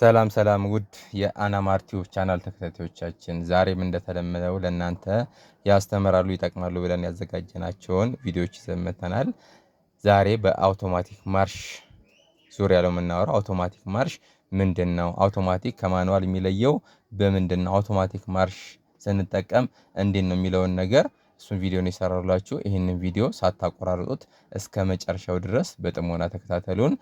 ሰላም ሰላም ውድ የአናማር ቲዩብ ቻናል ተከታታዮቻችን ዛሬም እንደተለመደው ለእናንተ ያስተምራሉ፣ ይጠቅማሉ ብለን ያዘጋጀናቸውን ቪዲዮዎች ይዘን ዛሬ በአውቶማቲክ ማርሽ ዙሪያ ነው የምናወራው። አውቶማቲክ ማርሽ ምንድን ነው? አውቶማቲክ ከማኑዋል የሚለየው በምንድን ነው? አውቶማቲክ ማርሽ ስንጠቀም እንዴት ነው የሚለውን ነገር እሱን ቪዲዮ ነው የሰራላችሁ። ይህንን ቪዲዮ ሳታቆራርጡት እስከ መጨረሻው ድረስ በጥሞና ተከታተሉን።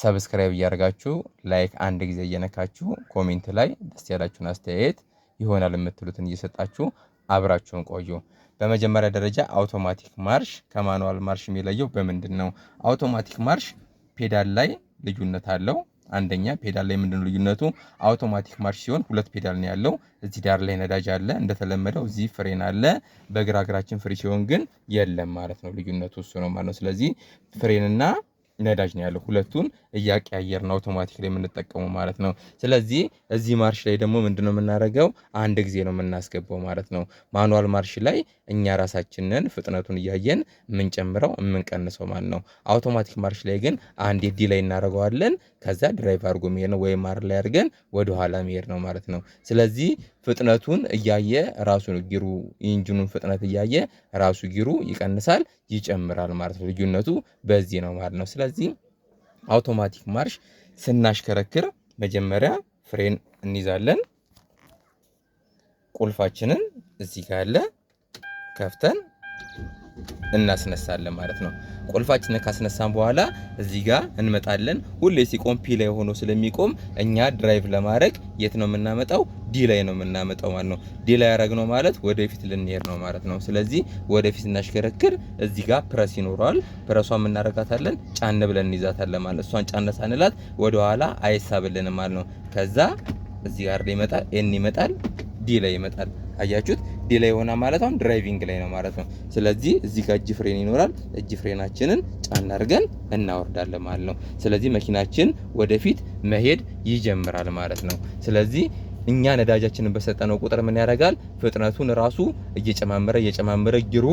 ሰብስክራይብ እያደረጋችሁ ላይክ አንድ ጊዜ እየነካችሁ ኮሜንት ላይ ደስ ያላችሁን አስተያየት ይሆናል የምትሉትን እየሰጣችሁ አብራችሁን ቆዩ። በመጀመሪያ ደረጃ አውቶማቲክ ማርሽ ከማኑዋል ማርሽ የሚለየው በምንድን ነው? አውቶማቲክ ማርሽ ፔዳል ላይ ልዩነት አለው። አንደኛ ፔዳል ላይ ምንድነው ልዩነቱ? አውቶማቲክ ማርሽ ሲሆን ሁለት ፔዳል ነው ያለው። እዚህ ዳር ላይ ነዳጅ አለ እንደተለመደው፣ እዚህ ፍሬን አለ። በግራ እግራችን ፍሬ ሲሆን ግን የለም ማለት ነው። ልዩነቱ እሱ ነው ማለት ነው። ስለዚህ ፍሬንና ነዳጅ ነው ያለው። ሁለቱን እያቀያየር ነው አውቶማቲክ ላይ የምንጠቀመው ማለት ነው። ስለዚህ እዚህ ማርሽ ላይ ደግሞ ምንድነው የምናደርገው? አንድ ጊዜ ነው የምናስገባው ማለት ነው። ማኑዋል ማርሽ ላይ እኛ ራሳችንን ፍጥነቱን እያየን የምንጨምረው የምንቀንሰው ማለት ነው። አውቶማቲክ ማርሽ ላይ ግን አንድ ዲ ላይ እናደርገዋለን ከዛ ድራይቭ አድርጎ መሄድ ነው፣ ወይም ማር ላይ አድርገን ወደኋላ መሄድ ነው ማለት ነው። ስለዚህ ፍጥነቱን እያየ ራሱ ጊሩ የኢንጂኑን ፍጥነት እያየ ራሱ ጊሩ ይቀንሳል፣ ይጨምራል ማለት ነው። ልዩነቱ በዚህ ነው ማለት ነው። ስለዚህ አውቶማቲክ ማርሽ ስናሽከረክር መጀመሪያ ፍሬን እንይዛለን። ቁልፋችንን እዚህ ጋር አለ ከፍተን እናስነሳለን ማለት ነው። ቁልፋችንን ካስነሳን በኋላ እዚህ ጋር እንመጣለን። ሁሌ ሲቆም ፒ ላይ ሆኖ ስለሚቆም እኛ ድራይቭ ለማድረግ የት ነው የምናመጣው? ዲ ላይ ነው የምናመጣው ማለት ነው። ዲ ላይ ያደረግ ማለት ወደፊት ልንሄድ ነው ማለት ነው። ስለዚህ ወደፊት እናሽከረክር። እዚህ ጋር ፕረስ ይኖረዋል። ፕረሷን እናረጋታለን፣ ጫን ብለን እንይዛታለን ማለት እሷን ጫን ሳንላት ወደኋላ አይሳብልንም ማለት ነው። ከዛ እዚህ ጋር ይመጣል፣ ኤን ይመጣል፣ ዲ ላይ ይመጣል። አያችሁት? ዴ ላይ ሆና ማለት አሁን ድራይቪንግ ላይ ነው ማለት ነው። ስለዚህ እዚህ ጋር እጅ ፍሬን ይኖራል። እጅ ፍሬናችንን ጫና አድርገን እናወርዳለን ማለት ነው። ስለዚህ መኪናችን ወደፊት መሄድ ይጀምራል ማለት ነው። ስለዚህ እኛ ነዳጃችንን በሰጠነው ቁጥር ምን ያደርጋል? ፍጥነቱን ራሱ እየጨማመረ እየጨማመረ ጊሩ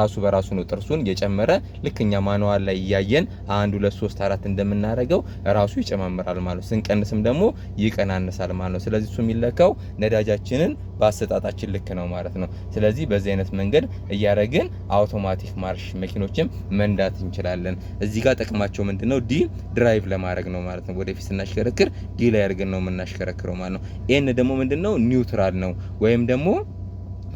ራሱ በራሱ ነው ጥርሱን እየጨመረ ልክ እኛ ማንዋል ላይ እያየን አንድ ሁለት ሶስት አራት እንደምናደርገው ራሱ ይጨማምራል ማለት ነው። ስንቀንስም ደግሞ ይቀናነሳል ማለት ነው። ስለዚህ እሱ የሚለካው ነዳጃችንን በአሰጣጣችን ልክ ነው ማለት ነው። ስለዚህ በዚህ አይነት መንገድ እያደረግን አውቶማቲክ ማርሽ መኪኖችም መንዳት እንችላለን። እዚህ ጋር ጥቅማቸው ምንድነው? ዲ ድራይቭ ለማድረግ ነው ማለት ነው። ወደፊት ስናሽከረክር ዲ ላይ አድርገን ነው የምናሽከረክረው ማለት ነው። ኤን ደግሞ ምንድነው ኒውትራል ነው ወይም ደግሞ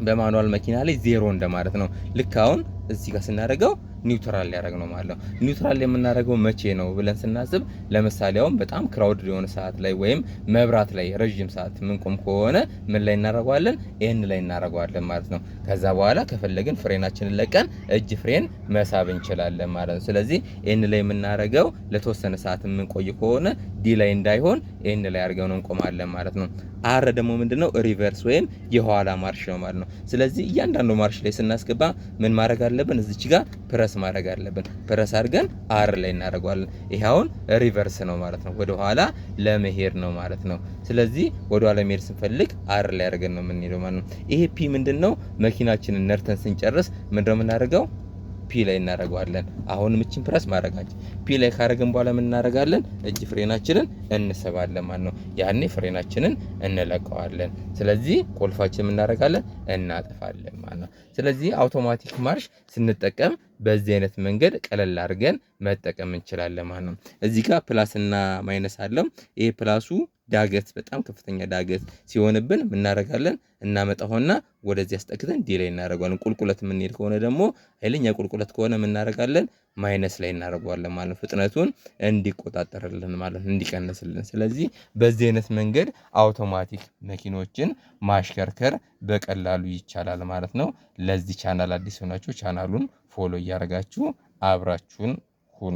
በማኑዋል መኪና ላይ ዜሮ እንደማለት ነው። ልክ አሁን እዚህ ጋር ስናደርገው ኒውትራል ሊያደርግ ነው ማለት ነው። ኒውትራል የምናደርገው መቼ ነው ብለን ስናስብ፣ ለምሳሌ አሁን በጣም ክራውድ የሆነ ሰዓት ላይ ወይም መብራት ላይ ረዥም ሰዓት ምንቆም ከሆነ ምን ላይ እናደርገዋለን? ኤን ላይ እናደርገዋለን ማለት ነው። ከዛ በኋላ ከፈለግን ፍሬናችንን ለቀን እጅ ፍሬን መሳብ እንችላለን ማለት ነው። ስለዚህ ኤን ላይ የምናደርገው ለተወሰነ ሰዓት የምንቆይ ከሆነ ዲ ላይ እንዳይሆን ኤን ላይ አድርገው ነው እንቆማለን ማለት ነው። አረ ደግሞ ምንድነው? ሪቨርስ ወይም የኋላ ማርሽ ነው ማለት ነው። ስለዚህ እያንዳንዱ ማርሽ ላይ ስናስገባ ምን ማድረግ አለብን፣ እዚች ጋር ፕረስ ማድረግ አለብን። ፕረስ አድርገን አር ላይ እናደርገዋለን። ይሄ አሁን ሪቨርስ ነው ማለት ነው፣ ወደኋላ ለመሄድ ነው ማለት ነው። ስለዚህ ወደኋላ መሄድ ስንፈልግ አር ላይ አድርገን ነው የምንሄደው ማለት ነው። ይሄ ፒ ምንድን ነው? መኪናችንን ነርተን ስንጨርስ ምንድነው የምናደርገው? ፒ ላይ እናደርገዋለን። አሁን እችን ፕረስ ማድረጋችን ፒ ላይ ካደረግን በኋላ ምን እናደርጋለን? እጅ ፍሬናችንን እንስባለን ማለት ነው። ያኔ ፍሬናችንን እንለቀዋለን። ስለዚህ ቁልፋችን እናደርጋለን እናጠፋለን ማለት ነው። ስለዚህ አውቶማቲክ ማርሽ ስንጠቀም በዚህ አይነት መንገድ ቀለል አድርገን መጠቀም እንችላለን ማለት ነው። እዚህ ጋር ፕላስና ማይነስ አለው። ይሄ ፕላሱ ዳገት በጣም ከፍተኛ ዳገት ሲሆንብን እናደርጋለን እናመጣሆና ወደዚህ አስጠግተን ዲላይ እናደርገዋለን። ቁልቁለት የምንሄድ ከሆነ ደግሞ ኃይለኛ ቁልቁለት ከሆነ ምናደርጋለን? ማይነስ ላይ እናደርገዋለን ማለት ፍጥነቱን እንዲቆጣጠርልን ማለት እንዲቀንስልን። ስለዚህ በዚህ አይነት መንገድ አውቶማቲክ መኪኖችን ማሽከርከር በቀላሉ ይቻላል ማለት ነው። ለዚህ ቻናል አዲስ ሆናችሁ ቻናሉን ፎሎ እያደረጋችሁ አብራችሁን ሁኑ።